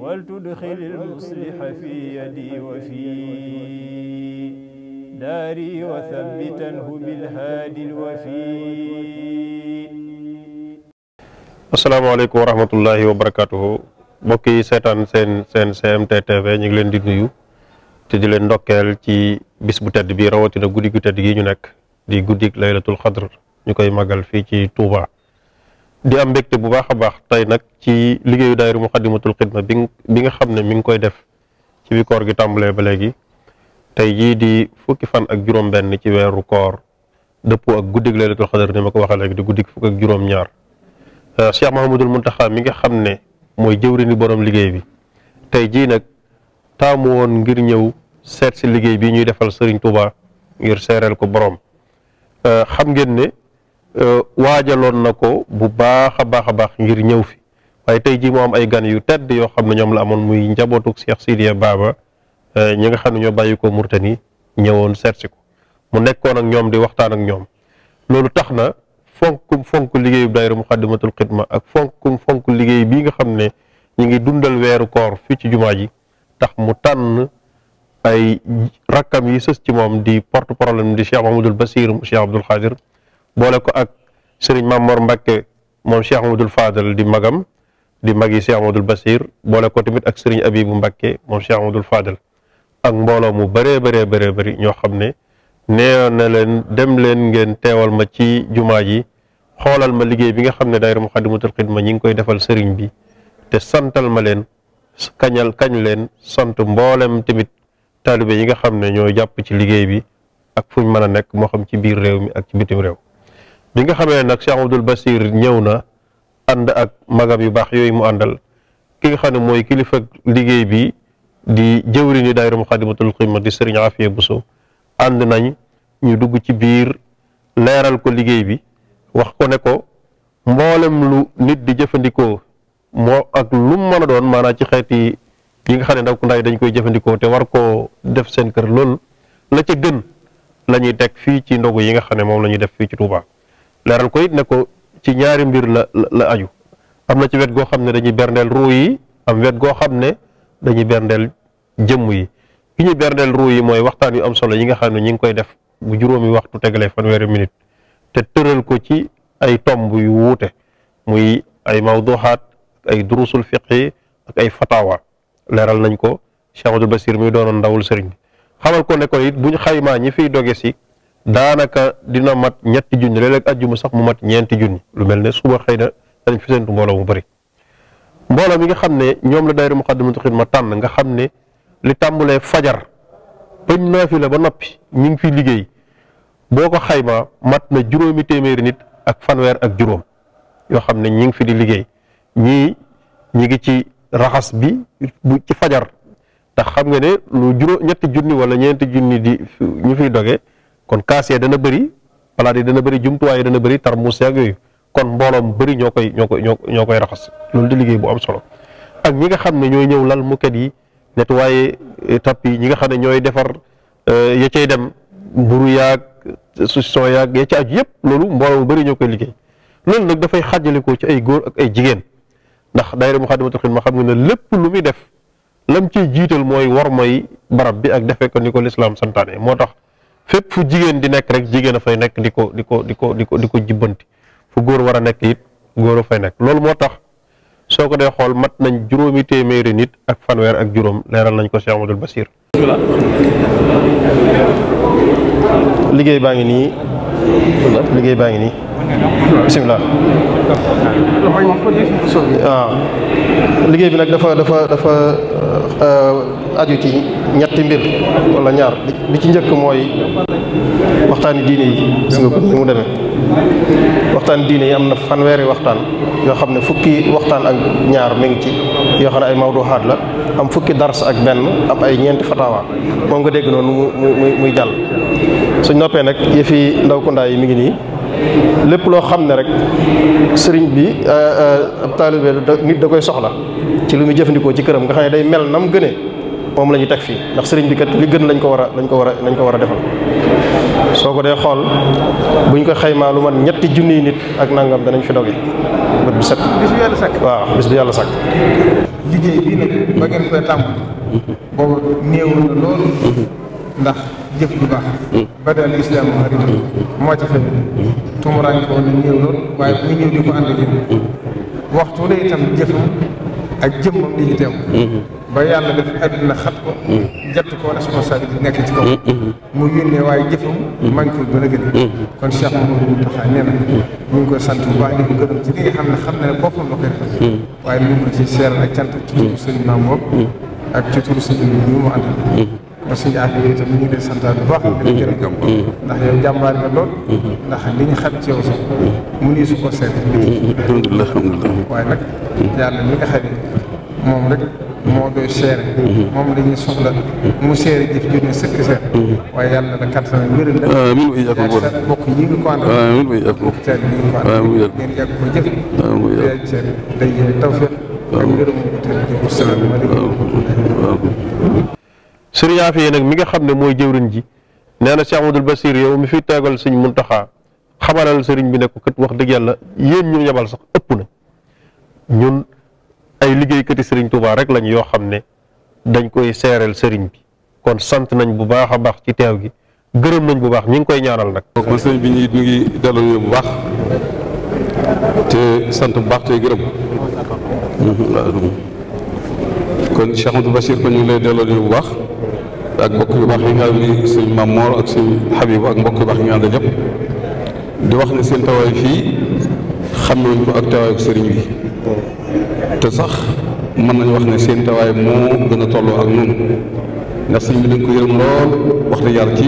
ولتدخل المصلح في يدي وفي داري وثبتنه بالهادي wa mbokk yi seetaan seen seen GMT ñu ngi leen di nuyu te di leen ndokkeel ci bis bu tedd bi rawatina guddi gu tedd gi ñu nekk di guddik laylatul xadr ñu koy magal fii ci Touba di am mbégte bu baax a baax tey nag ci liggéeyu daayira Muxaddamatul Xidma bi nga xam ne mi ngi koy def ci bi koor gi tàmbulee ba léegi tey jii di fukki fan ak juróom-benn ci weeru koor dëppoo ak guddig Laylatul Xadar ni ma ko waxee léegi di guddig fukk ak juróom-ñaar euh, Cheikh Mahamadul Muntaxa mi nga xam ne mooy jëwriñu boroom liggéey bi tey jii nag taamu woon ngir ñëw seet si liggéey bi ñuy defal Serigne Touba ngir seereel ko borom euh, xam ngeen ne. Euh, waajaloon na ko bu baax a baax a baax ngir ñëw fi waaye tey jii moo am ay gan yu tedd yoo xam ne ñoom la amoon muy njabootuk Cheikh Sidiya baaba euh, ñi nga xam ne ñoo bàyyi ko Murtani ñëwoon seetsi ko mu nekkoon ak ñoom di waxtaan ak ñoom loolu tax na fonkum fonk liggéeyu daayira Muxaddamatul Xidma ak fonkum fonk liggéey bii nga xam ne ñu ngi dundal weeru koor fii ci jumaa ji tax mu tànn ay rakkam yi sës ci moom di porte problème di Cheikh Mahmoudul Basir mu Cheikh Abdoul Xaadir boole ko ak sëriñ Mamor Mbacke moom Cheikh Amadou Fadal di magam di mag magi Cheikh dul basiir boole ko tamit ak sëriñ Abibu Mbacke moom Cheikh dul faadal ak mbooloo mu bëree bëree bëree bëri ñoo xam ne neewoon na leen dem leen ngeen teewal ma ci jumaa ji xoolal ma liggéey bi nga xam ne day daayira Muxaddamatul Xidma ñi ngi koy defal sëriñ bi te santal ma leen kañal kañ leen sant mboolem tamit taalibe yi nga xam ne ñoo jàpp ci liggéey bi ak fu ñu mën a nekk moo xam ci biir réew mi ak ci bitim réew bi nga xamee nag Cheikh Abdul basiir ñëw na ànd ak magam yu baax yooyu mu àndal ki nga xam ne mooy kilifa liggéey bi di jëwri ni daayira Muxaddamatul Xidma di Sëriñ Afiya Buso ànd nañ ñu dugg ci biir leeral ko liggéey bi wax ko ne ko mboolem lu nit di jëfandikoo moo ak lu mën a doon maanaam ci xeet yi nga xam ne ndaw ndaw dañ koy jëfandikoo te war koo def seen kër loolu la ca gën la ñuy teg fii ci ndogu yi nga xam ne moom la ñuy def fii ci Touba. leeral ko it ne ko ci ñaari mbir la la aju am na ci wet goo xam ne dañuy berndeel ruu yi am wet goo xam ne dañuy berndeel jëmm yi ki ñuy berndeel ruu yi mooy waxtaan yu am solo yi nga xam ne ñu ngi koy def bu juróomi waxtu tegalee fanweeri minute te tëral ko ci ay tomb yu wuute muy ay mawduxaat ay durusul fiqi ay fatawa nañ ko Cheikh Abdul Basir mi doonoon ndawul sëriñ bi xamal ko ne ko buñ xaymaa ñi fiy doge si daanaka dina mat ñetti junni léeg-léeg ajjuma sax mu mat ñeenti junni lu mel ne suba xëy na dañ fi séntu mbooloo mu bëri mbooloo mi nga xam ne ñoom la daayira Muqaddamatul ma tànn nga xam ne li tàmbulee fajar bañ naafila ba noppi ñu ngi fiy liggéey boo ko xaymaa mat na juróomi téeméeri nit ak fanweer ak juróom yoo xam ne ñu ngi fi di liggéey ñii ñi ngi ci raxas bi ci fajar ndax xam nga ne lu juróom ñetti junni wala ñeenti junni di ñu fiy doge kon kaas dana bëri palaat yi dana bari jumtuwaay dana bëri tarmuus ak yooyu kon mbooloom bari ñoo koy ñoo koy ñoo koy raxas loolu di liggéey bu am solo ak ñi nga xam ne ñooy ñëw lal muket yi nettoyé euh, tapp yi ñi nga xam ne ñooy defar euh, ya cay dem mburu yaag saucisson yaag ya ca aju yëpp loolu mbooloo bari bëri ñoo koy liggéey loolu nag dafay xaajalikoo ci ay góor ak ay jigéen ndax daayira Muxaddamatul Xidma xam nga ne lépp lu muy def lam ciy jiital mooy war mooy barab bi ak defee ko ni ko lislaam santaane moo tax fépp fu jigéen di nekk rek jigéen a fay nekk di ko di ko di ko di ko di ko jubbanti fu góor war a nekk it góor a fay nekk loolu moo tax soo ko dee xool mat nañ juróomi téeméeri nit ak fanweer ak juróom leeral nañ ko Cheikh Amadou Basir. liggéey baa ngi nii liggéey baa ngi nii waaw ah. liggéey bi nag dafa dafa dafa. Euh, euh, aju ci ñetti mbir wala ñaar bi ci njëkk mooy waxtaani diine yi gis nga ko mu demee waxtaan diine yi am na fanweeri waxtaan yoo xam ne fukki waxtaan ak ñaar mi ngi ci yoo xam ne ay mawduhaat la am fukki dars ak benn am ay ñeenti fatawa moom nga dégg noonu mu muy jàll suñ noppee nag fi ndaw ko ndaay yi mi ngi nii lépp loo xam ne rek sëriñ bi euh, ab taalibe nit da koy soxla ci lu muy jëfandikoo ci këram nga xam ne day mel nam gënee moom la ñu teg fii ndax sëriñ bi kat li gën lañ ko war a ko war a lañ ko a defal soo ko dee xool buñ ko xaymaa lu man ñetti junniy nit ak nangam danañ fi doge bët bu set bis bi yàlla sàkk liggéey bii nag ba ngeen koy tàmbali boobu néew na loolu ndax jëf bu baax bada al islam xarit moo ci xew tumuraan ko woon néew loolu waaye bu ñëw di ko ànd jëf waxtu la itam jëfam ak jëmmam di ci mm-hmm. ba yàlla def àdduna xat ko mm-hmm. jatt ko responsabilité nekk ci kaw mm-hmm. mu yónnee waaye jëfam man ko gën a gën kon Cheikh Mamadou Mountakha nee na ñu ngi koy sant bu baax di ko gërëm ci li xam ne xam na ne boppam la koy def waaye ñu ngi ko ci seeral ak cant ci turu sëñ Maam ak ci turu sëñ bi mu àndal sëñ Afia itam ñu ngi leen santaat bu baax di gërëm mm-hmm. Mm-hmm. ndax yow jàmbaar nga lool mm-hmm. ndax li ñu xam ci yow sax mu nii su ko seet alhamdulilah alhamdulilah waaye nag yàlla mi nga xam ne moom rek moo doy seere moom la ñuy soxla mu seere jëf june sëkk seer waaye yàlla na kattan wéral la amiin way yàgg ko bokk yi nga ko ànd amiin way yàgg ko teel yi nga ko ànd ngeen yàgg ko jëf amiin way yàgg seen day tawfiq ak ngërëm bu teel jëf salaamaaleykum sëriñ Afia nag mi nga xam ne mooy jëwriñ ji nee na Cheikh Amadou Bassir yow mi fi tegal sëñ Muntaxa xamalal sëriñ bi ne ko wax dëgg yàlla yéen ñu yebal sax ëpp na ñun ay liggéeykati sëriñ Touba rek lañ yoo xam ne dañ koy seereel sëriñ bi kon sant nañ bu baax a baax ci teew gi gërëm nañ bu baax ñu ngi koy ñaanal nag. donc sëriñ bi ñu ngi dalal yow bu baax te sant bu baax tey gërëm. kon Cheikh Amadou Bassir kon ñu ngi lay dalal yow bu baax. ak mbokk yu baax yi nga xam ni Maam Moor ak sëñ Habib ak mbokk yu baax yi nga xam di wax ne seen tawaay fii xam nañ ko ak tawaayu sëriñ sax mën nañu wax ne seen tawaay moo gën a tolloo ak ñun ndax sëñ bi dañ ko yërëm lool wax dëgg ci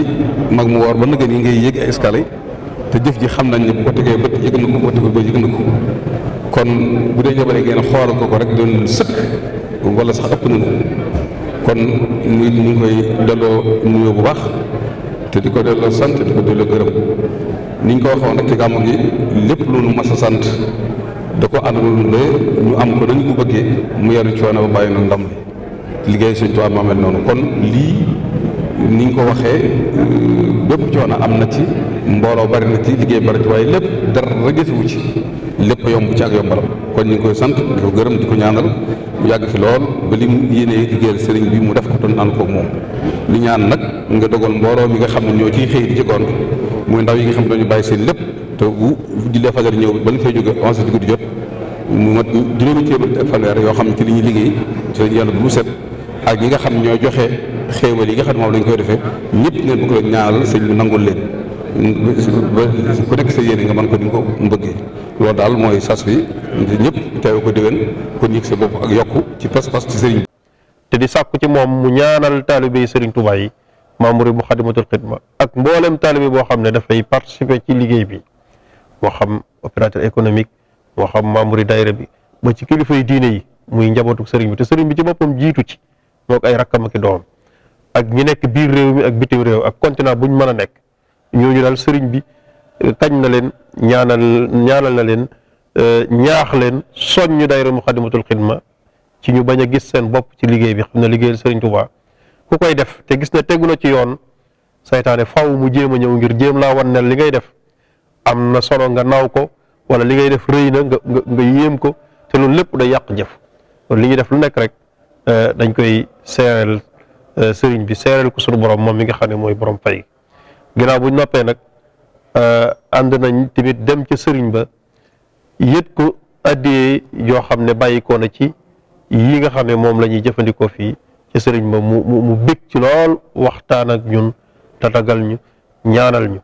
mag mu woor ba nag yi ngay yéeg ay escalier te jëf ji xam nañ ne bu ko tegee bët yëg na ko bu ko tegul bët yëg na ko kon bu dee jabare ngeen xoolal ko ko rek doon sëkk wala sax ëpp na ko kon muy ñu ngi koy delloo nuyoo bu baax te di ko delloo sant di ko delloo gërëm ni ñu ko waxoon rek ci gàmmu gi lépp lu nu sant da ko àndul la ñu am ko dañu ko bëggee mu yaru coono ba bàyyi na ndam li liggéey Sëñ Tuubaa maamel noonu kon lii ni ñu ko waxee euh, bépp coono am na ci mbooloo bari na ci liggéey bari ci waaye lépp dara gësewu ci lépp yomb ci ak yombalam kon ñu ngi koy sant di gërëm di ko ñaanal mu yàgg fi lool ba li mu yéenee liggéeyal sëriñ bi mu def ko doon ànd ko moom li ñaan nag nga dogal mbooloo mi nga xam ne ñoo ciy xëy di ci gont muy ndaw yi nga xam ne dañu bàyyi seen lépp te bu jullee ñëw ba ñu fay jóge onze di guddi mu mat juróomi téeméer ak fanweer yoo xam ne ci li ñuy liggéey ci lañu yàlla bu set ak ñi nga xam ñoo joxe xéewal yi nga xam ne moom lañ koy defee ñëpp ngeen bëgg leen ñaanal sëñ bu nangul leen ba ku nekk sa yéene nga man ko ni ko bëggee loolu daal mooy sas bi ñëpp teew ko déwén kon nekk sa bopp ak yokku ci pas-pas ci sëriñ te di sàkku ci moom mu ñaanal taalibe yi sëriñ Tuubaa yi membre yi Muxaddamatul Xidma ak mboolem taalibe boo xam ne dafay participer ci liggéey bi moo xam opérateur économique moo xam membre yi daayira bi ba ci kilifa yi diine yi muy njabootu sëriñ bi te sëriñ bi ci boppam jiitu ci mook ay rakkam ak i doom ak ñi nekk biir réew mi ak bitim réew ak continent buñ mën a nekk ñooñu daal sëriñ bi eh, tañ na leen ñaanal ñaanal na leen eh, ñaax leen soññ daayira Muxaddamatul Xidma ci ñu bañ a gis seen bopp ci liggéey bi xam ne liggéeyal sëriñ Tuubaa ku koy def te gis na tegu la ci yoon saytaane faw mu jéem a ñëw ngir jéem laa wan ne li ngay def am na solo nga naaw ko wala li ngay def rëy na nga yéem ko te loolu lépp day yàq jëf kon li ñuy def lu nekk rek eh, dañ koy seereel sëriñ bi seereel ku sunu borom moom mi nga xam ne mooy borom fay. ginaaw buñ noppee nag euh, ànd nañ tamit dem ca sëriñ ba yët ko addiyee yoo xam ne bàyyikoo na ci yi nga xam ne moom la ñuy jëfandikoo fii ci sëriñ ba mu mu bég ci lool waxtaan ak ñun tatagal ñu ñaanal ñu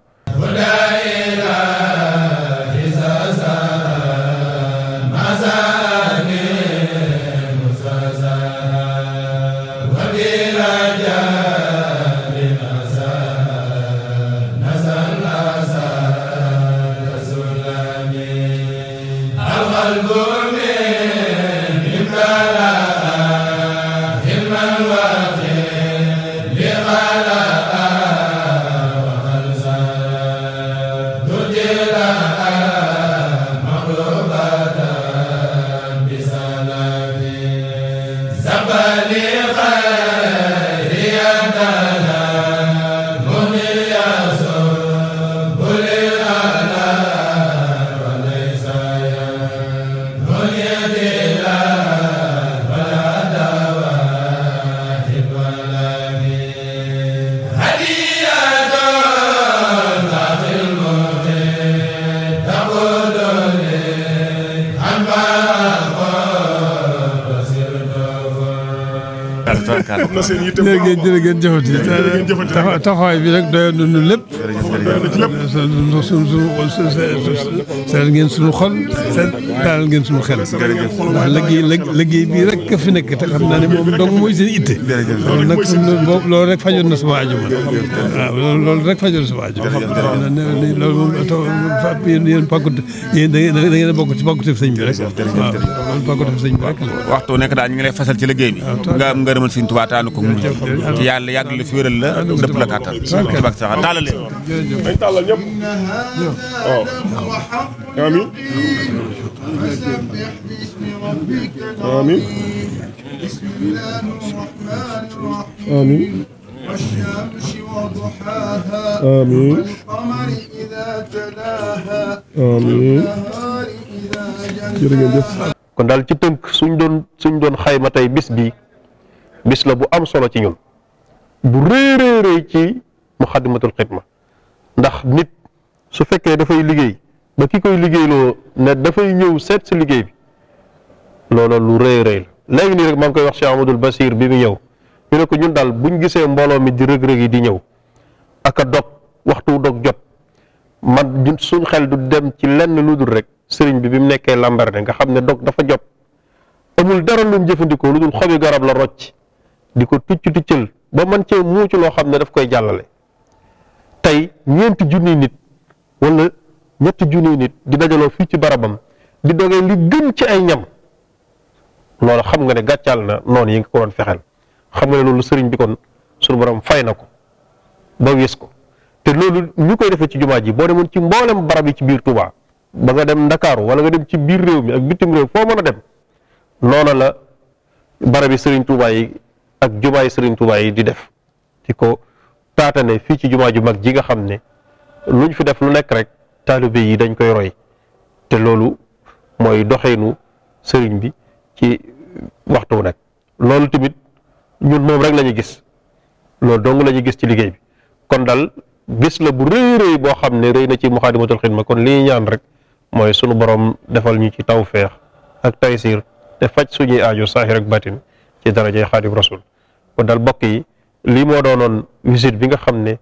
yaakaar. am na seen yitte bu baax jërëjëf jërëjëf jëfati taxawaay bi rek doyoon nañu lépp. doy na ci lépp. suñ suñ seetal ngeen suñu xol seet daal ngeen suñu xel. jërëjëf ndax liggéey liggéey bii rek ka fi nekk te xam naa ne moom dong mooy seen itte. jërëjëf loolu nag loolu rek fajoon na sama aju man. waaw loolu rek fajoon na sama aju. jërëjëf loolu moom taw yéen yéen da a bokk ci pàkkuteef sëñ bi rek. waaw loolu pàkkuteef sëñ bi rek la. waxtu nekk daal ñu ngi lay fasal ci liggéey bi. nga nga rëmal sëñ Tuubaa taanu ko mu ci yàlla yàgg la fi wéral la dëpp la kàttan. dañ tàllal ñëpp waaw amin amin amin آمين آمين jërëjëf kon daal ci tënk suñ doon suñ doon xayma tey bis bi bis la bu am solo ci ñun bu rëy rëy rëy ci Muxaddamatul Xidma ndax nit su fekkee dafay liggéey ba ki koy liggéeyloo ne dafay ñëw seet si liggéey bi looloon lu rëy rëy la léegi nii rek maa ngi koy wax Cheikh Amadou Basir bi mu ñëw ñu ne ko ñun daal buñ gisee mbooloo mi di rëg-rëg di ñëw ak a dog waxtu dog jot man ñun suñ xel du dem ci lenn lu dul rek sëriñ bi bi mu nekkee làmbari Lambaréné nga xam ne dog dafa jot amul dara lu mu jëfandikoo lu dul xobi garab la rocc di ko tucc tuccal ba man cee muucu loo xam ne daf koy jàllale tey ñeenti junniy nit wala ñetti junniy nit di dajaloo fii ci barabam di dogee li gën ci ay ñam loolu xam nga ne gàccaal na noon yi nga ko doon fexeel xam nga ne loolu sëriñ bi kon suñu borom fay na ko ba wis ko te loolu ñu koy defee ci jumaa ji boo demoon ci mboolem barab yi ci biir Touba ba nga dem Ndakaaru wala nga dem ci biir réew mi ak bitim réew foo mën a dem noona la barab yi sëriñ Touba yi ak jumaa yi sëriñ Touba yi di def ci ko taatane fii ci jumaa ju mag ji nga xam ne lu ñu fi def lu nekk rek taalibe yi dañ koy roy te loolu mooy doxeenu sëriñ bi ci waxtu wu nekk loolu tamit ñun moom rek lañu gis loolu dong la gis ci liggéey bi kon dal bis la bu rëy rëy boo xam ne rëy na ci muxaadimatul ma kon li ñaan rek mooy sunu borom defal ñu ci taw tawfeex ak taysiir te faj suñuy aajo saahir ak batin ci darajay xaadim rasul kon daal bokk lii moo doonoon visite bi nga xam ne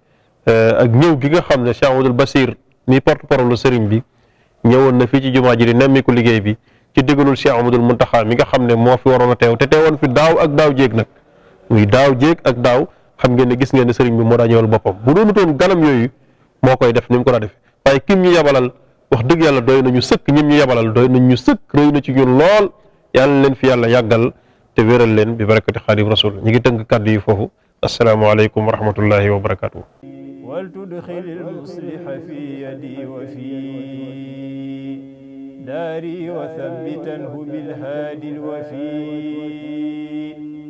euh, ak ñëw gi nga xam ne Cheikh Amadou Basir mi porte lu sëriñ bi ñëwoon na fii ci jumaa ji di nemmiku liggéey bi ci déggalul Cheikh Amadou Muntaxa mi nga xam ne moo fi waroon a teew te teewoon fi daaw ak daaw jeek nag muy daaw jéeg ak daaw xam ngeen gis ngeen ne sëriñ bi moo daa ñëwal boppam bu doonutoon ganam yooyu moo koy def ni mu ko daa def waaye kim ñu yabalal wax dëgg yàlla doy ñu sëkk ñim ñu yabalal doy nañu sëkk rëy na ci ñun lool yàlla leen fi yàlla yàggal te wéral leen bi barakati xaadim rasul ñu ngi tënk kàddu yi foofu asalaamualeykum wa rahmatullahi wa barakaatu. wal tudxilil musliha fi yadi wa fi daari wa thabbitanhu bil haadil wafi